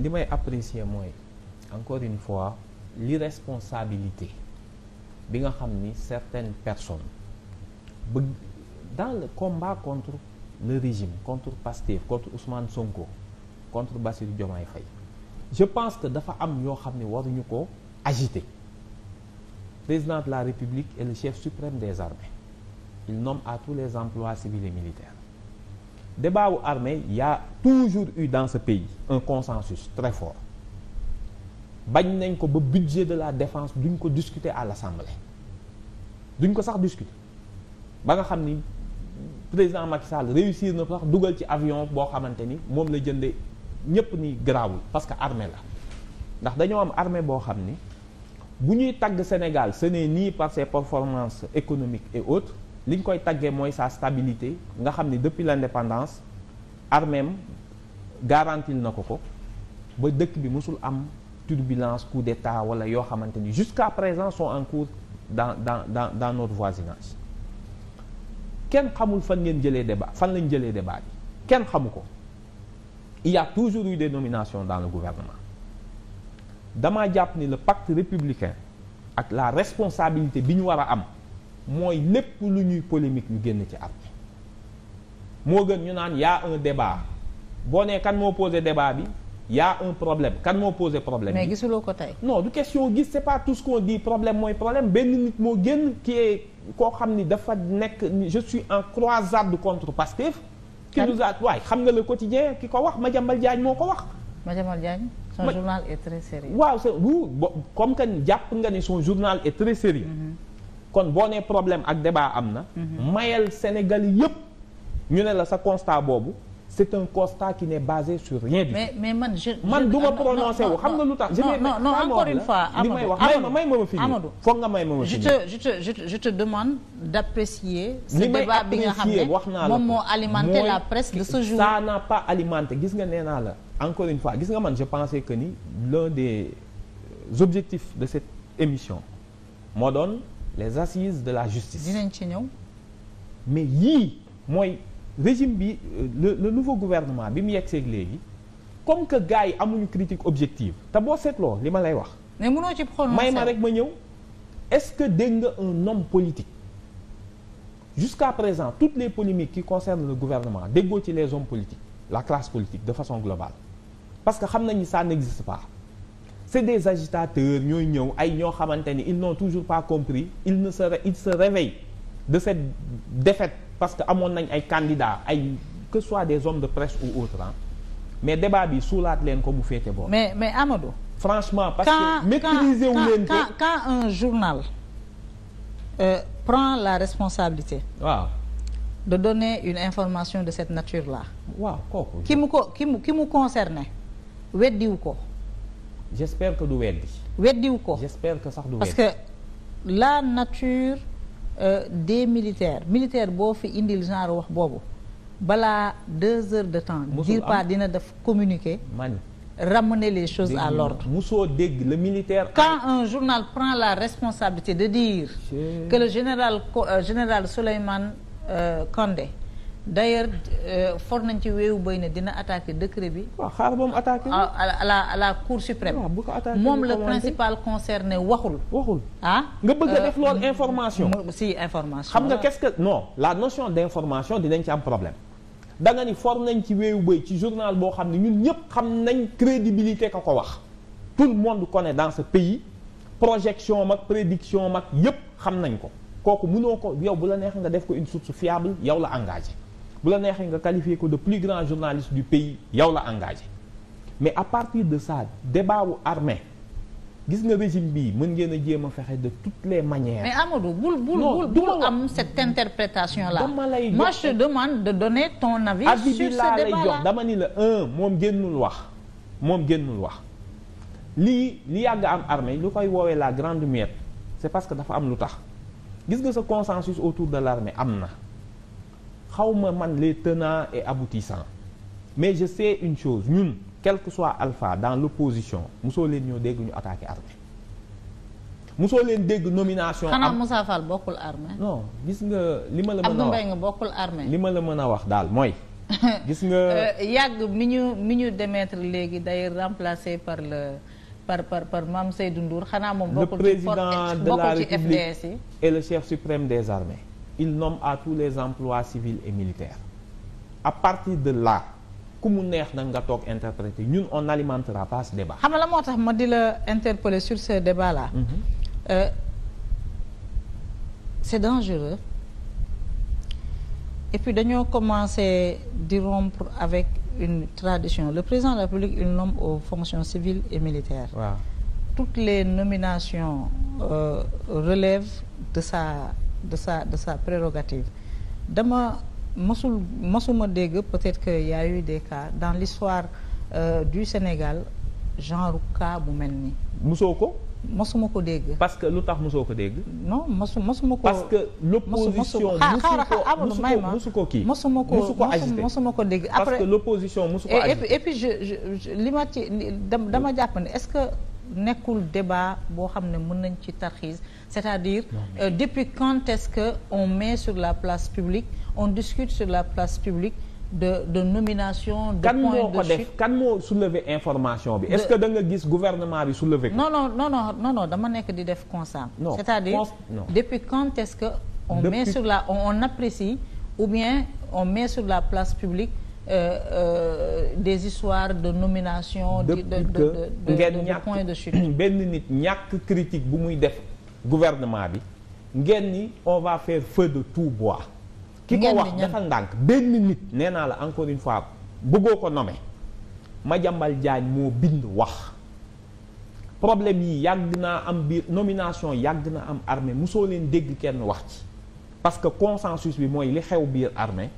li may apprécier mooy encore une fois li responsabilité bi nga xam ni certaines personnes bëgg dans le combat contre le régime contre Pastef contre Ousmane Sonko contre Bassirou Diomaye Faye je pense que dafa am yoo xam ne waruñu ko agité président la République est le chef suprême des armées il nomme à tous les emplois civils et militaires de wu armée y a toujours eu dans ce pays un consensus très fort bañ nañ ko ba budget de la défense duñ ko discuter à l'Assemblée duñ ko sax discuter ba nga xam ni président Macky Sall réussir na ko sax dugal ci avion boo xamante ni moom la jënde ñépp ni garaawul parce que armée la ndax dañoo am armée boo xam ni bu ñuy tagg Sénégal sene nii ni par ses performances économiques et autres li koy taggee mooy sa stabilité nga xam ni depuis l'indépendance armèm garantil na ko ko ba dëkk bi mosul am turbulence coup d'état wala yoo xamante ni jusqu'à présent sont en cours dans dans dans kenn xamul fan ngeen jëlee débat fan lañ jëlee débat bi kenn xamu ko il y toujours yu des nominations dans le gouvernement dama jàpp ni le pacte républicain ak la responsabilité bi ñu war a am mooy lépp lu ñuy polémique ñu génn ci at moo gën ñu naan yaa un débat boo nee kan moo posé débat bi yaa un problème kan moo posé problème mais gisuloo ko tey non du question gis c'est pas tout ce qu'on dit problème mooy problème benn nit moo génn ki koo xam ni dafa nekk je suis en croisade contre Pastef ki nous a waay xam nga le quotidien ki ko wax Madiambal Diagne moo ko wax Madiambal Diagne son journal est très sérieux waaw c'est comme que jàpp nga ni son journal est très sérieux mm-hmm. kon boo nee problème ak débat am na. Mhm. mayal Sénégal yëpp ñu ne la sa constat boobu c' est un constat qui n' est basé sur rien du tout. mais mais man je man du ma prononcé wu xam nga lu tax. non non non encore une fois. Amadou li may wax may ma ma fi foog nga may ma ma fi je te je te je te demande d' apprécier. ce débat bi nga xam ne moom moo alimenté la presse de ce jour. ça n' a pas alimenté gis nga nee naa la encore une fois gis nga man je pensais que ni l'un des objectifs de cette émission moo doon. les assises de la justice. dinañ ci ñëw. mais yii mooy régime bi le le nouveau bi mu yegg seeg léegi comme que gars yi amuñu critique objective te boo seetloo li ma lay wax. mais mënoo ci prononcer may ma rek ma ñëw. est-ce que dégg nga un homme politique jusqu'à présent toutes les polémiques qui concernent le gouvernement déggoo ci les hommes politiques la classe politique de façon globale parce que xam nañu ça n'existe pa c'est des agitateurs ñooy ñëw ay ñoo xamante ni ils n'ont toujours pas compris ils ne se ils se réveillent de cette défaite parce que amoon nañ ay candidats ay que ce des hommes de presse ou autres hein mais débat bi suulaat leen ko bu féete boor. mais mais Amadou. franchement parce quand, que maîtriser wu leen ko quand quand un journal euh, la responsabilité. waaw. de donner une information de cette nature la waaw kooku. ki mu ko ki mu ki mu concerné weddiwu ko. j'espère que du weddi. weddiwu ko j'espère que sax du weddi. parce que la nature euh, des militaires militaire boo fi indil genre wax boobu balaa deux heures de temps. dire pas dina def communiqué man ramener les choses à l'ordre musoo dégg la militaire. quand un journal prend la responsabilité de dire. que le général euh, général Souleymane euh, d'ailleurs euh, for nañ ci weewu béy ne dina attaquer décret bi. waaw xaaral ba attaque attaquer. à la à la cour suprême. bu ko attaquer moom le principal concerné waxul. waxul ah. nga bëgg a euh, def loolu information. si information. xam nga qu'est-ce que non la notion d'information dinañ ci am problème. da nga ni for nañ ci weewu béy ci journal boo xam ne ñun ñëpp xam nañ crédibilité ka ko wax. tout le monde connaît dans ce pays projection mag prédiction mag yëpp xam nañ ko kooku mënoo ko yow la neex nga def ko une source fiable yow la engagé. bu la neexee nga qualifier ko de plus grand journaliste du pays yow la engagé mais à partir de ça débat wu armée gis nga régime bii mën ngeen a jéem a fexe de toutes les manières. mais Amadou bul bul bul bul am cette interprétation là. dama lay jox moi je te de donner ton avis. avis sur ce débat là lay jox dama ni la un moom génnul wax moom génnul wax lii li yàgg am armée lu koy woowee la grande muette c'est parce que dafa am lu tax gis nga sa consensus autour de l'armée am na. xaw man les tenants et aboutissants mais je sais une chose ñun quelque que soit alpha dans l'opposition mosoo leen ñoo dégg ñu attaqué armée mosoo leen dégg nomination. am xanaa Moussa bokkul armée. non gis nga li ma la mën a wax Abdou li ma la mën a wax daal mooy. gis nga euh, yàgg mi ñu mi ñu démettre léegi day remplacé par le. par par par Mame Seydou xanaa moom. bokkul ci le président de la république et le chef suprême des armées. il nomme à tous les emplois civils et militaires à partir de là ku mu neex na nga toog interpréter ñun on n'alimentera pas ce débat. xam nga tax ma di la interpeller sur ce débat là. Mm -hmm. euh, c'est dangereux et puis dañoo commencer di rompre avec une tradition le président de la République il nomme aux fonctions civiles et militaires. toutes les nominations euh, de sa. de sa de sa prérogative dama masul masuma dégg peut-être que ya a de des cas dans l'histoire euh, du Sénégal genre ka bu mel nii. musoo ko. masuma ko dégg. parce que lu tax musoo ko dégg. non masu masuma ko. parce que l'opposition musu ko kii masuma ko ko agité masuma ko dégg. après parce que l'opposition musu ko agité. et puis et je je li ma ci dama jàpp ne est-ce que nekkul débat boo xam ne mën nañ ci tarxiis. c'est-à-dire euh, depuis quand est que on met sur la place publique on discute sur la place publique de de nomination. de kan moo ko information bi. est-ce que da nga gis gouvernement bi soulever. non non non non dama nekk di def constat. non c'est-à-dire depuis quand est-ce que. on met sur la on bien on met sur la place publique. Euh, euh, des histoires de nomination. de de de de de point de chute. benn nit ñàkk critique bu muy def. gouvernement bi ngeen ni on va fair feu de tout bois. ki ko wax dafa ndànk benn nit nee naa la encore une fois bëggoo ko ma jàmbal Diagne moo bind wax problème yi yàgg naa am biir nomination yàgg na am armée mosoo leen dégg kenn wax ci parce que consensus bi mooy li xew biir armée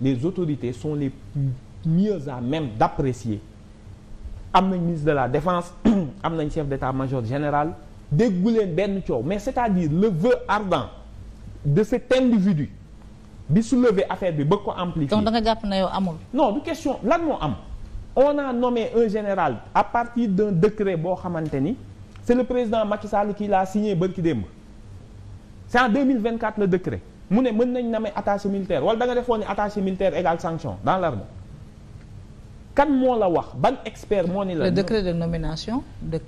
les autorités sont les mieux à même d'apprécier am nañ ministre de la defence am nañ chef d'état-major général déggu benn coow mais c'est-à-dire le vœu ardent de cet individu bi su soulever affaire bi bëgg ko amplifier. donc da nga jàpp na yow amul. non du question lan moo am on a nommé un général à partir d'un décret boo xamante ni c'est le président Macky Sall qui l'a signé bërki démb c'est en 2024 le décret mu ne mën nañ nommer attaché militaire wala da nga defoon ne attaché militaire égale sanction dans l'armée kan moo la wax ban expert moo ni la. le décret de nomination de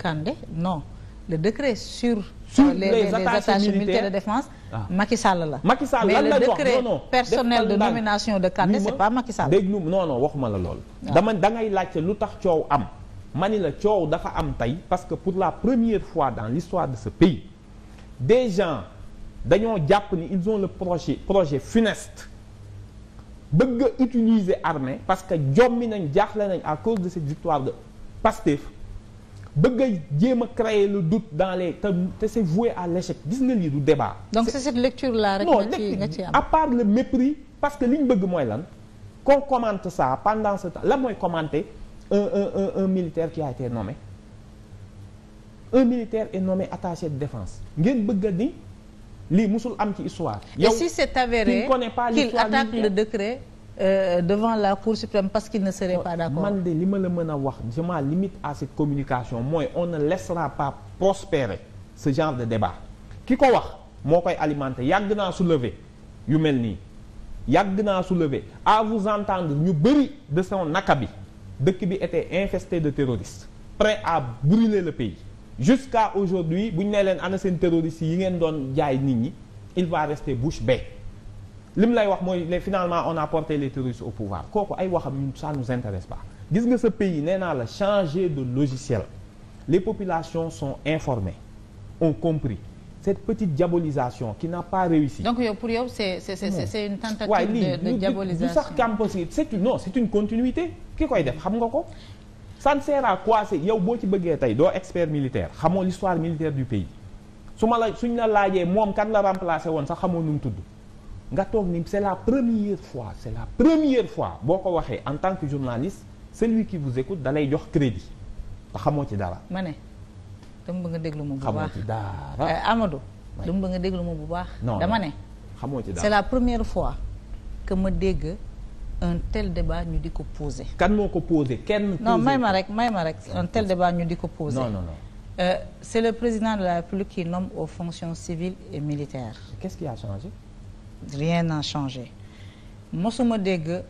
le décret sur. sur les, les, les attaches, attaches militaires, de défense. Ah. Sall la. Macky Sall lan la mais le décret non, non. personnel de nomination de Kandé c'est pas Macky Sall. dégg non waxuma la lool. Ah. dama da ngay laajte lu tax coow am. ma ni la coow dafa am tey parce que pour la première fois dans l'histoire de ce pays des gens dañoo jàpp ni ils ont le projet projet funeste bëgg a utiliser armée parce que jommi nañ jaaxle nañ à cause de cette victoire de Pastef bëgg a jéem a créer le doute dans les te te c'est à l'échec gis nga lii du débat. donc c'est cette lecture là rek nga ci am à part le mépris parce que li ñu bëgg mooy lan qu'on commente ça pendance temps lan mooy commenter un un un militaire qui a été nommé un militaire est nommé attaché de défense ngeen bëgg a ni lii mosul am ci histoire. yow et si c'est avéré qu'il attaque le décret. Euh, devant la Cour suprême parce qu'il ne serait pas d'accord man de li ma la mën a wax je m'en limite à cette communication mooy on ne laissera pas prospérer ce genre de débat ki ko wax moo koy alimenter yàgg naa soulever yu mel nii yàgg naa soulever à vous entendre ñu bëri de son naka bi dëkk bi était infesté de terroristes prêts à brûler le pays jusqu'à aujourd'hui bu ñu nee leen ana seen terroristes yi ngeen doon jaay nit ñi il va rester bouche bée li mu lay wax mooy les finalement on a porté les terroristes au pouvoir kooku ay waxam ñun ça nous intéresse pas gis nga sa pays nee naa la changer de logiciel les populations sont informées ont compris cette petite diabolisation ki n'a pas réussi. donc yo pour yow c'est c'est c'est une tentative ouais, de, de, de diabolisation du sax campus c'est une non c'est une continuité ki koy def xam nga ko ça ne sert à quoi c'est yow boo ci bëggee tey doo expert militaire xamoo l'histoire militaire du pays su ma la suñ la laajee moom kan la remplacer woon sax xamoo nu mu tudd nga toog ni c'est la première fois c'est la première fois boo ko waxee en tant que journaliste celui qui vous écoute da jox crédit te xamoo ci dara. ma ne dama ba nga déglu ma bu baax xamoo ci dara eh, Amadou. dama déglu ma bu baax. dama ne. xamoo ci dara c'est la première fois que ma dégg un tel débat ñu di ko posé. kan moo ko posé kenn. non may ma rek may ma rek un tel débat ñu di ko posé. non non non. Euh, c'est le président de la République qui nomme aux fonctions civiles et militaires. Qu'est-ce rien n'a changé masuma dégg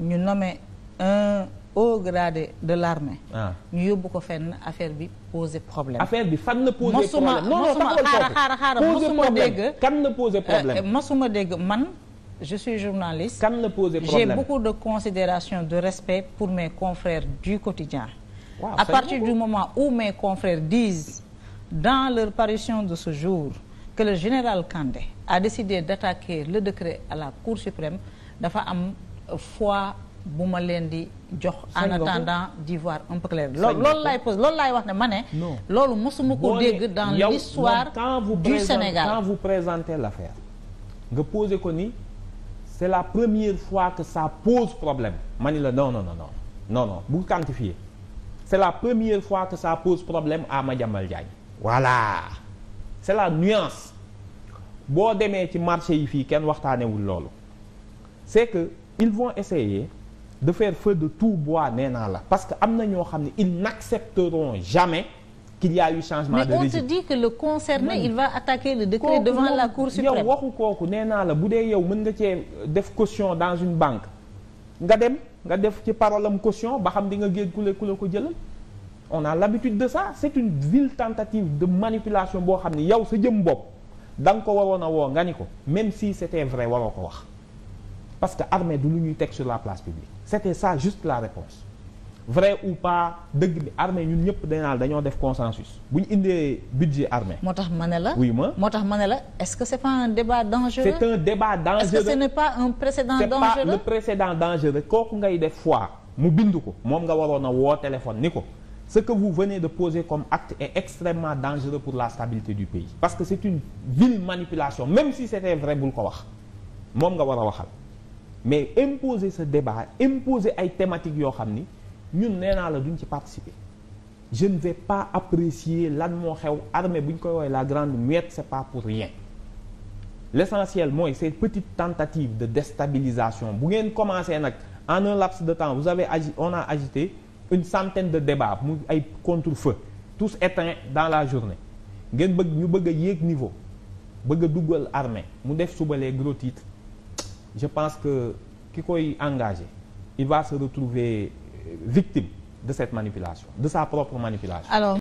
ñu nommé un haut gradé de l'armée ah. ñu yóbbu ko fenn affaire bi poser problème. affaire bi fan la poser problème non dégg kan la poser euh, problème euh, dégg man je suis journaliste. kan la poser problème j'ai beaucoup de considération de respect pour mes confrères du quotidien wow, à partir beaucoup. du moment où mes confrères disent dans leur parution de ce jour que le général Kandé a décidé d'attaquer le décret à la Cour suprême dafa am fois bu ma leen di jox en attendant d'y voir un peu clair loolu laay pose loolu laay wax ne ma ne loolu mosuma ko dégg dans l'histoire du Sénégal quand vous présentez l'affaire nga posé ko ni c'est la première fois que ça pose problème ma ni la non non non non non non bu quantifier c'est la première fois que ça pose problème à Madiambal Diagne voilà c'est la nuance boo demee ci marché yi fii kenn waxtaanewul loolu c'est que ils vont essayer de faire feu de tout bois nee naa la parce que am na ñoo xam ne ils n'accepteront jamais qu'il y a eu changement de régime mais on te dit que le concerné non. il va attaquer le décret devant la cour suprême yow waxu kooku nee naa la bu dee yow mën nga cee def caution dans une banque nga dem nga def ci parole am caution ba xam di nga géej ku la ku la ko jëlal on a l'habitude de ça c'est une vile tentative de manipulation boo xam ni yow sa jëm bopp danga ko waroon a woo nga ni ko même si c'était vrai waroo ko wax parce que armée du lu ñuy teg sur la place publique c'était ça juste la réponse vrai ou pas dëgg bi armée ñun ñëpp danaal dañoo def consensus bu ñu indee budget armée moo tax ma ne la oui ma moo tax ma ne la est-ce que c'est pas un débat dangereux c'est un débat dangereux est-ce que ce n'est pas un précédent dangereux kooku ngay def fois mu bind ko moom nga waroon a woo téléphone ni ko ce que vous venez de poser comme acte est extrêmement dangereux pour la stabilité du pays parce que c'est une vile manipulation même si c'était vrai bul ko wax moom nga war a waxal mais imposer ce débat imposer ay thématiques yoo xam ni ñun nee naa la duñ ci participer je ne vais pas apprécier lan moo xew armée bu ñu koy woowee la grande muette c'est pas pour rien l'essentiel mooy ces petites tentatives de déstabilisation bu ngeen commencé nag en un laps de temps vous avez on a agité une centaine de débats mu ay contre-feu tous éteints dans la journée ngeen bëgg ñu bëgg a yéeg niveau bëgg a duggal armée mu def suba les gros titres je pense que ki koy engagé il va se retrouver euh, victime de cette manipulation de sa propre manipulation